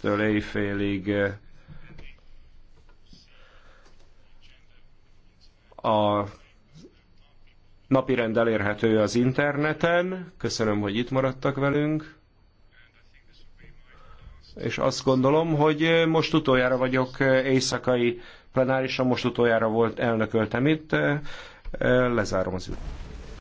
Től éjfélig eh, a napirend elérhető az interneten. Köszönöm, hogy itt maradtak velünk. És azt gondolom, hogy eh, most utoljára vagyok eh, éjszakai plenárisan, most utoljára volt elnököltem itt. Lezárom az ügyet.